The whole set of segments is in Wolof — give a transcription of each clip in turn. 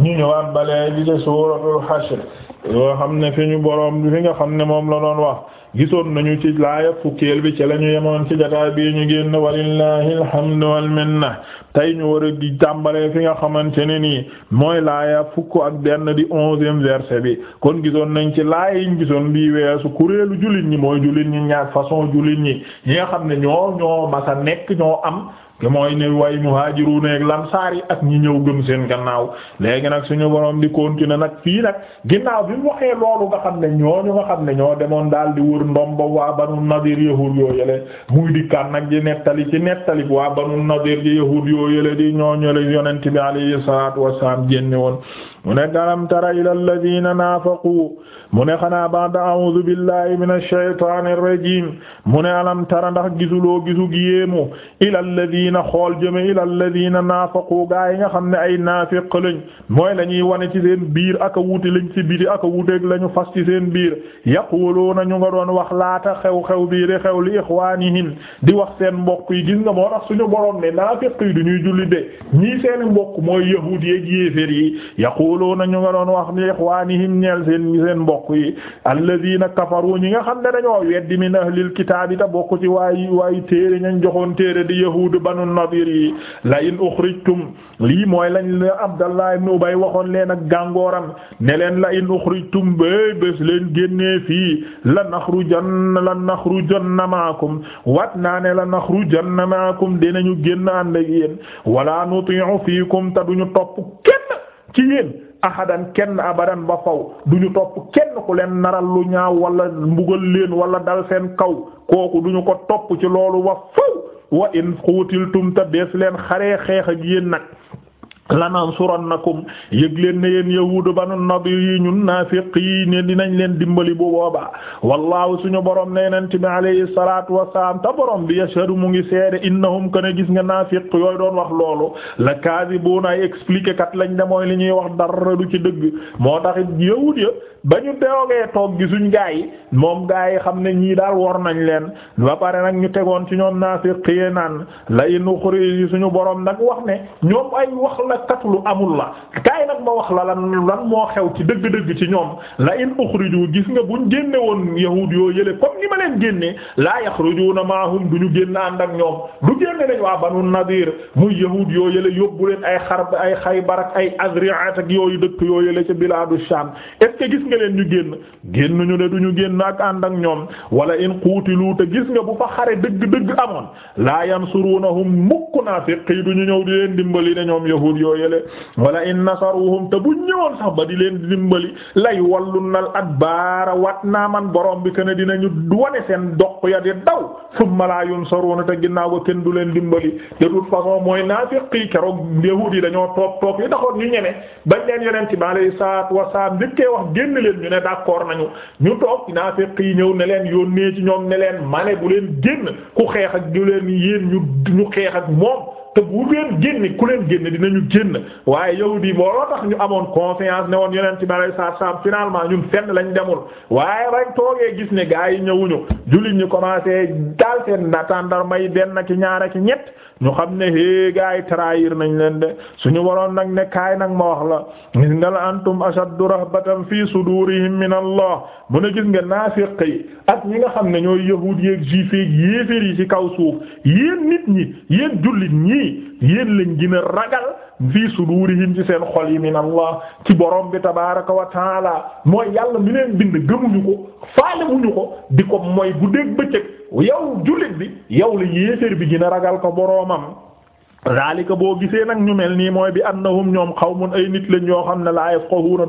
ñu ñëwaat balee di de suuratul hashr yoo xam ne fi ñu boroom bi fi nga xam ne moom la doon wax gisoon nañu ci laaya fukkeel bi ci lañu yemoon ci jotaay bi ñu génn walillahi alhamdu wal minna tey ñu war a di tàmbalee fi nga xamante ne nii mooy laaya fukk ak benn di onzième verset bi kon gisoon nañ ci laaya yiñ gisoon bii weesu kuréelu jullit ñi mooy jullit ñi ñaar façon jullit ñi ñi nga xam ne ñoo ñoo masa nekk ñoo am ki mooy ne way muhaajiruun ak lansaar yi ak ñi ñëw gëm seen gannaaw léegi nag suñu borom di continuer nag fii nag ginnaaw bi mu waxee loolu nga xam ne ñooñu nga xam ne ñoo demoon daal di wur ndombo waa banu nadir yahuud yoo yële muy dikkaan nag di nettali ci nettali waa banu nadir di yahuud yoo yële di ñooñu yonent bi alayhi salaatu wassalaam génne woon mu ne alam tara ila alladhina naafaqu mu ne xanaa ba'da a'udhu billahi mu ne alam tara ndax gisuloo gisu alladina xool jëme ila alladina naafaqu gaa yi nga xam ne ay la ñuy wane ci la ñu fas ci seen biir yaquluuna ñu nga doon wax di xew li ixwaanihim wax seen mbokk yi gis nga moo tax suñu borom ne naafiq yi du ñuy julli de ñii seen mbokk mooy yahuud yeeg yéeféer yi yaquluuna ñu nga doon wax li ixwaanihim ñeel seen seen mbokk yi alladina kafaru ñi nga xam ne dañoo weddi min ahlil kitaabi ta bokk ci waay waay téere ñañ joxoon téere di yahuud ba banu nadir yi la in uxrijtum lii mooy lañ la Abdallah ibn Ubay waxoon leen ak gàngooram ne leen la in uxrijtum bay bés leen génnee fii la naxrujanna la naxrujanna maakum wat naa ne la naxrujanna maakum dinañu génn ànd ak yéen wala nuti'u fiikum te duñu topp kenn ci yéen ahadan kenn abadan ba faw duñu topp kenn ku leen naral lu ñaaw wala mbugal leen wala dal seen kaw kooku duñu ko topp ci loolu wa faw wa in xuutiltum ta dees leen xaree xeex ak yéen nag lanansurannakum yëg leen ne yéen yahuudu banu nadir yi ñun naafiq yi ne dinañ leen dimbali bu boobaa wallaahu suñu borom ne yonent bi alayhi salaatu wassalaam te borom bi yashhadu mu ngi seede innahum kana gis nga naafiq yooyu doon wax loolu la kaasibuuna ay expliqué kat lañ de li ñuy wax dara du ci dëgg moo taxit yahuud ya ba ñu doogee toog gisuñ gaa yi moom gaa yi xam ne ñii daal wor nañ leen ba pare nag ñu tegoon ci ñoom naafiqi naan la in uxriji suñu boroom nag wax ne ñoom ay wax la kat lu amul la kaay nag ma wax la lan moo xew ci dëgg-dëgg ci ñoom la in uxriju gis nga buñ génne woon yahuud yoo yële comme ni ma leen génne laa yaxrujuuna maahum du ñu génn ànd ak ñoom du génne nañ waa banu nadir muy yahuud yoo yële yóbbu leen ay xarb ay xay ak ay azri'at ak yooyu dëkk yoo yële ca bilaadu sham nga leen ñu génn génnuñu ne duñu génn ak ànd ak ñoom wala in quutilu te gis nga bu fa xare dëgg-dëgg amoon laa yansurunahum mukk naafiq yi duñu ñëw di leen dimbali ne ñoom yahuud yooyele wala in nasaruhum te bu ñëwoon sax ba di leen dimbali lay wallunnal adbaara wat naa man borom bi kene dinañu wane seen doq ya di daw summa laa yunsaruna te ginnaaw ba kenn du leen dimbali de toute façon mooy naafiq yi keroog yahuud yi dañoo toog toog yi taxoon ñu ñeme bañ leen yonent bi alayhi salaatu wa salaam leen ñu ne d'accord nañu ñu toog naafiq yi ñëw ne leen yónnee ci ñoom ne leen mane bu leen génn ku xeex ak ñu leen yéen ñu ñu xeex ak moom te bu leen génne ku leen génne dinañu génn waaye yahudi yi booloo tax ñu amoon confiance ne woon yeneen ci bari saa saam finalement ñun fenn lañ demul waaye rek toogee gis ne gaa yi ñëwuñu jullit ñi commencé daal seen tàndar may benn ki ñaar ki ñett ñu xam ne hee gaa yi trahir nañ leen de ñu waroon nag ne kaay nag ma wax la gis nga la antum ashaddu rahbatan fi sudurihim min allah mu ne gis nga naafiq yi ak ñi nga xam ne ñooy yahudi ak juif ak yéeféer yi ci kaw suuf yii yéen lañ gën a ragal fii sudurihim ci seen xol yi min allah ci boroom bi tabaraka wa taala mooy yàlla mi leen bind gëmuñu ko faale muñu ko di ko mooy guddeeg bëccëg yow jullit bi yow la yéeféer bi gën a ragal ko boroomam zalika boo gisee nag ñu mel nii mooy bi annahum ñoom xaw qawmun ay nit lañ yoo xam ne laa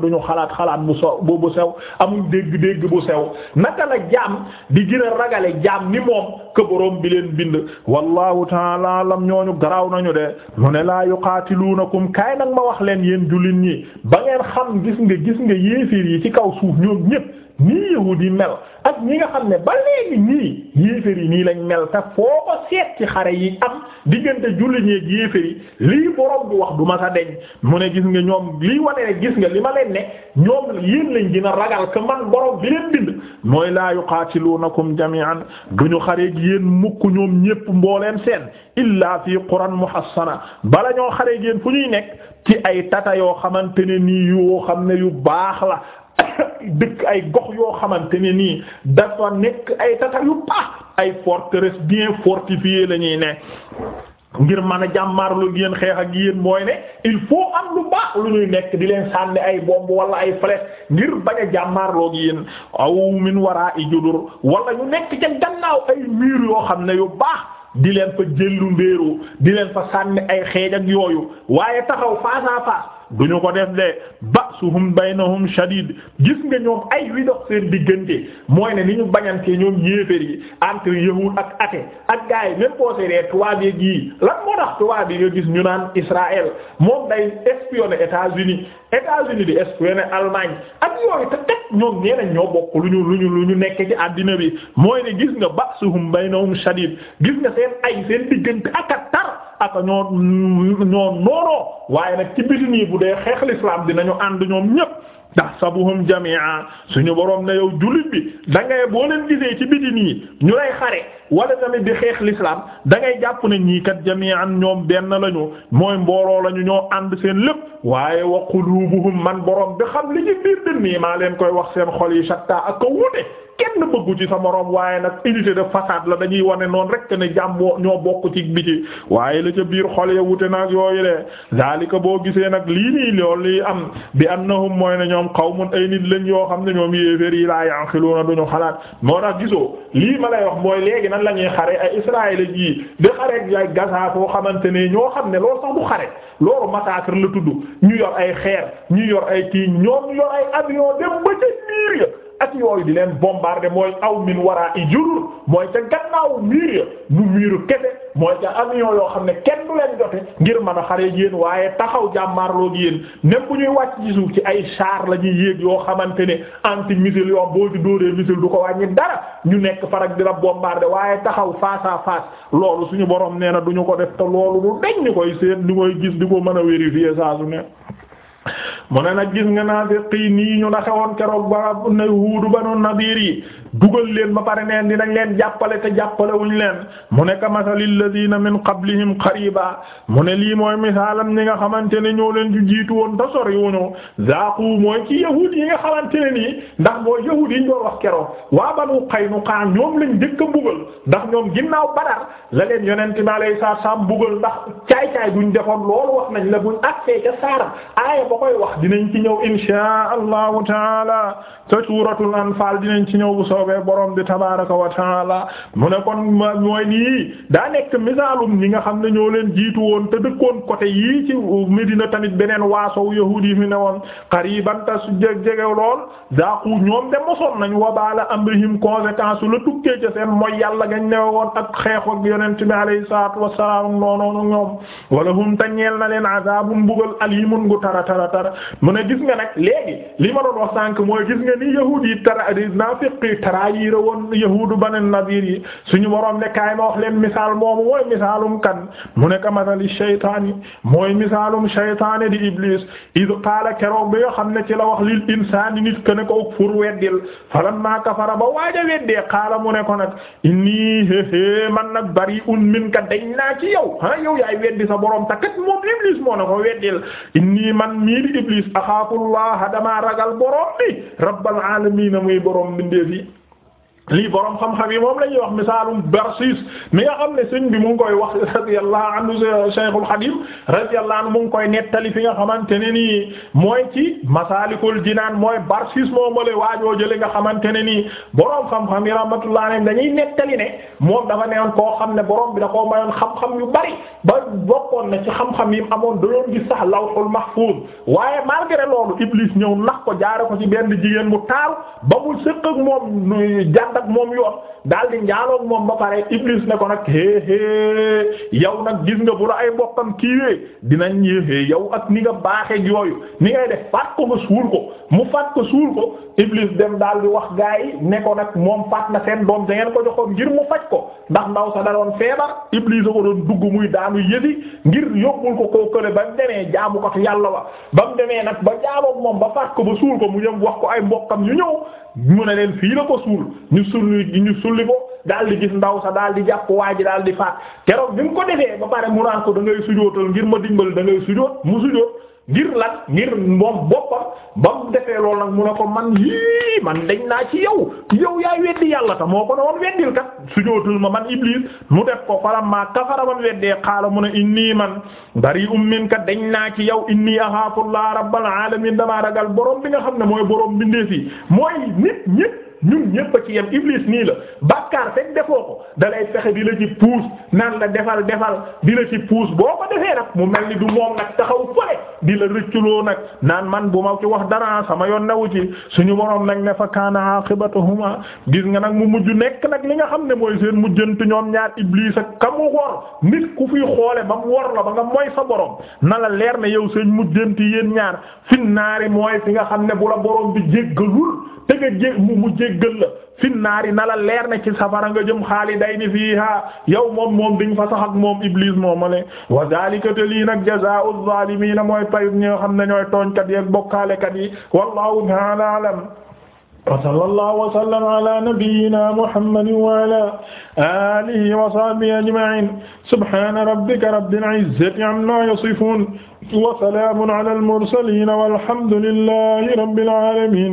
du ñu xalaat xalaat bu so bu bu sew amuñ dégg-dégg bu sew naka la jaam di gën a ragale jaam ni moom que bi leen bind. wallahu taala alam ñooñu garaaw nañu de mu ne laa yuqaatiluunakum kaay nag ma wax leen yéen jullit ñi ba ngeen xam gis nga gis nga yéefir yi ci kaw suuf ñoom ñépp nii yahud yi mel ak ñi nga xam ne ba léegi nii yéeféer yi nii lañ mel te foo ko seet ci xare yi am diggante jullit ñi ak lii borom bu wax du ma sa deñ mu ne gis nga ñoom lii wane ne gis nga li ma leen ne ñoom yéen lañ gën ragal que man borom bi leen bind mooy laa yuqaatilunakum jami'an duñu xare gi yéen mukk ñoom ñépp mbooleem seen illaa fi quran muhassana bala ñoo xare gi yéen fu ñuy nekk ci ay tata yoo xamante ne nii yoo xam ne yu baax la dëkk ay gox yoo xamante ne nii dafa nekk ay tata yu baax ay forteresse bien fortifiée lañuy ne ngir mën a jàmmaarlu yéen xeex ak yéen mooy ne il faut am lu baax lu ñuy nekk di leen sànni ay bomb wala ay flèche ngir bañ a jàmmaarloo ak yéen aw min waraa i judur wala ñu nekk ca gannaaw ay mur yoo xam ne yu baax di leen fa jëllu mbéeru di leen fa sànni ay xeej ak yooyu waaye taxaw face à duñu ko def de ba'suhum baynahum shadid gis nga ñoom ay wi dox seen diggante mooy ne ni ñu bañante ñoom yéeféer yi entre yahud ak athée ak gars yi même posédee tubaab yi gii lan moo tax tubaab yi nga gis ñu naan Israël moom day espionner États-Unis États-Unis di espionner Allemagne ak yooyu te teg ñoom ñee ñoo bokk lu ñu lu ñu lu ñu nekk ci àddina bi mooy ne gis nga ba'suhum baynahum shadid gis nga seen ay seen diggante ak tar ak ñoo ñoo nooroo waaye nag ci bu dee xeex l'islam dinañu ànd ñoom ñépp tahsabuhum jami'a suñu boroom ne yow jullit bi da ngay boo leen gisee ci biti nii ñu lay xare wala tamit di xeex lislaam da ngay jàpp ne ñii kat jami'an ñoom benn lañu mooy mbooloo lañu ñoo ànd seen lépp waaye wa qulubuhum man boroom bi xam li ci biir dënn maa leen koy wax seen xol yi shatta ak ko wute kenn bëggu ci sa moroom waaye nag unité de façade la dañuy wane noonu rek ne jàmm ñoo bokk ci biti waaye la ca biir xol ya wute nag yooyu de zalika boo gisee nag lii nii lii am bi annahum mooy ne ñoom qawmun ay nit lañ yoo xam ne ñoom yéeféer yi xalaat moo tax gisoo lii ma lay wax mooy léegi xare ay israël ji di xare xamante ne ñoo xam ne loolu sax du xare loolu massacre la tudd ñu yor ay xeer ñu yor ay kii ñoom yor ay avion dem ba ca biir ya ak yooyu di leen bombarder mooy aw min waraa i mooy ca gannaaw miir ya nu miiru kese mooy ca avion yoo xam ne kenn du leen jote ngir mën a xare yéen waaye taxaw jàmmaarloo gi yéen même ñuy wàcc ci suuf ci ay char la ñuy yéeg yoo xamante ne anti-missile yoo boo ci dóoree missile du ko wàññi dara ñu nekk farak di la bombarder waaye taxaw face à face loolu suñu borom nee na duñu ko def te loolu du deñ ni koy seet di koy gis di ko mën a vérifier saa su ne mu ne na gis nga naafiqi nii ñu naxewoon keroog ba na Huud banu Nadiir yi dugal leen ba pare neen dinañ leen jàppale te jàppalewuñ leen mu ne ka masalil ladina min qablihim qariba mu ne lii mooy misaalam ñi nga xamante ne ñoo leen ci jiitu woon te sori wuñu zaaqu mooy ci yahuud yi nga xamante ne nii ndax mooy yahuud yi ñu doon wax keroog waa banu Qaynuqa ñoom lañ njëkk bugal ndax ñoom ginnaaw Badar la leen yonent bi saa salaam bugal ndax caay-caay buñ defoon loolu wax nañ la buñ àgsee ca koy dinañ ci ñëw inshaa allahu taala te suuratul anfaal dinañ ci ñëw bu soobee borom bi tabaaraka wa taala mu ne kon mooy nii daa nekk misaalum ñi nga xam ne ñoo leen jiitu woon te dëkkoon côté yii ci Medina tamit beneen waasow yahuud yi fi ne woon qariban ta su jege lool zaaqu ñoom de mosoon nañ wabaala amrihim conséquence la tukkee ca seen mooy yàlla gañ newe woon ak xeexu ak yonent bi alayhi salaatu wassalaam noonoonu ñoom wala hum tañeel na leen azaabun mbugal alimun gu tara tara tara mu ne gis nga nag léegi li ma doon wax sànq mooy gis nga ni yahuud yi tara naafiq yi tara yi rawoon yahuudu banu nadiir yi suñu borom ne kaay ma wax leen misaal moomu mooy misaalum kan mu ne kamatali shaytaani mooy misaalum shaytaani di iblis id qaala keroog bi nga xam ne ci la wax lil insaani nit ke ne ko ukfur weddil falammaa kafara ba waaja weddee qaala mu ne ko nag inni héhé man nag bari'un minka dañ naa ci yow ha yow yaay weddi sa borom takat moom iblis moo ne ko weddil inni man mii di iblis Iblis axaafullaha damaa ragal borom bi rabbal alamin muy borom bindeef yi lii borom xam-xam yi moom la ñuy wax misaalum Barsis mi nga xam ne sëñ bi mu ngi koy wax radiyallahu anhu Cheikhul Khadim radiyallahu anhu mu koy nettali fi nga xamante ne nii mooy ci Masaalikul Jinaan mooy Barsis moo male waajoo jële nga xamante ne nii borom xam-xam yi rahmatullahi alayhi dañuy nettali ne moom dafa newoon koo xam ne borom bi da koo mayoon xam-xam yu bari ba bokkoon na ci xam-xam yi amoon da doon gis sax lawhul mahfuz waaye malgré loolu Iblis ñëw nax ko jaare ko ci benn jigéen mu taaru ba mu sëq ak ak moom yoon daal di njaaloog moom ba pare Iblis ne ko nag hee hee yow nag gis nga bu la ay mbokkam kiiwee dinañ yéexee yow ak ni nga baaxee yooyu ni ngay def faat ko nga suul ko mu faat ko suul ko Iblis dem daal di wax gaa yi ne ko nag moom faat na seen doom da ngeen ko joxoon ngir mu faj ko ndax ndaw sa da doon feebar Iblis ko doon dugg muy daanu yësi ngir yóbbul ko koo kële ba mu demee jaamu ko yàlla wa ba mu demee nag ba jaamoog moom ba faat ko mu yëm wax ko ay mbokkam ñu ñu ne leen fii la ko suul ñu sulli ñu sulli ko daal di gis ndaw sa daal di jàpp waa ji daal di faat keroog bi mu ko defee ba pare mu naan ko da ngay ngir ma dimbali da ngay sujoot mu sujoot ngir lan ngir moom boppam ba mu defee loolu nag mu ne ko man yii man dañ naa ci yow yow yaa weddi yàlla ta moo ko ne woon weddil kat sujootul ma man Iblis mu def ko falammaa kafara man weddee xaala mu na innii man bari'un um minka dañ naa ci yow innii axaafullaaha rabbal aalamiin damaa ragal borom bi nga xam ne mooy borom bindee fi mooy nit ñépp ñun ñépp a ci yem iblis nii la bàkkaar fekk defoo ko da lay fexe di la ci puus naan la defal defal di la ci puus boo ko defee nag mu mel ni du moom nag taxaw fële di la rëcculoo nag naan man bu ma ci wax dara sama yoon newu ci suñu borom nag ne fa kaana aqibatuhuma gis nga nag mu mujj nekk nag li nga xam ne mooy seen mujjant ñoom ñaar iblis ak ka mu wor nit ku fi xoole ba mu wor la ba nga mooy sa borom na la leer ne yow seen mujjanti yéen ñaar fin naari mooy nga xam ne bu jéggal la fi naari na la leer ne ci safara nga jëm xaalidayni fiiha yow moom moom di nga fa sax ak moom iblis mooma le wa zalika te lii nag jazaa'u zaalimiina mooy payut ñi nga xam ne ñooy tooñkat yi ak bokkaalekat yi wallahu ta'ala a'lam wa sallallahu wa sallam ala nabiyyina muhammadin wa ala alihi wa sahbihi ajma'in subhana rabbika rabbil izzati amma yasifun wa salamun ala al mursalin walhamdulillahi rabbil alamin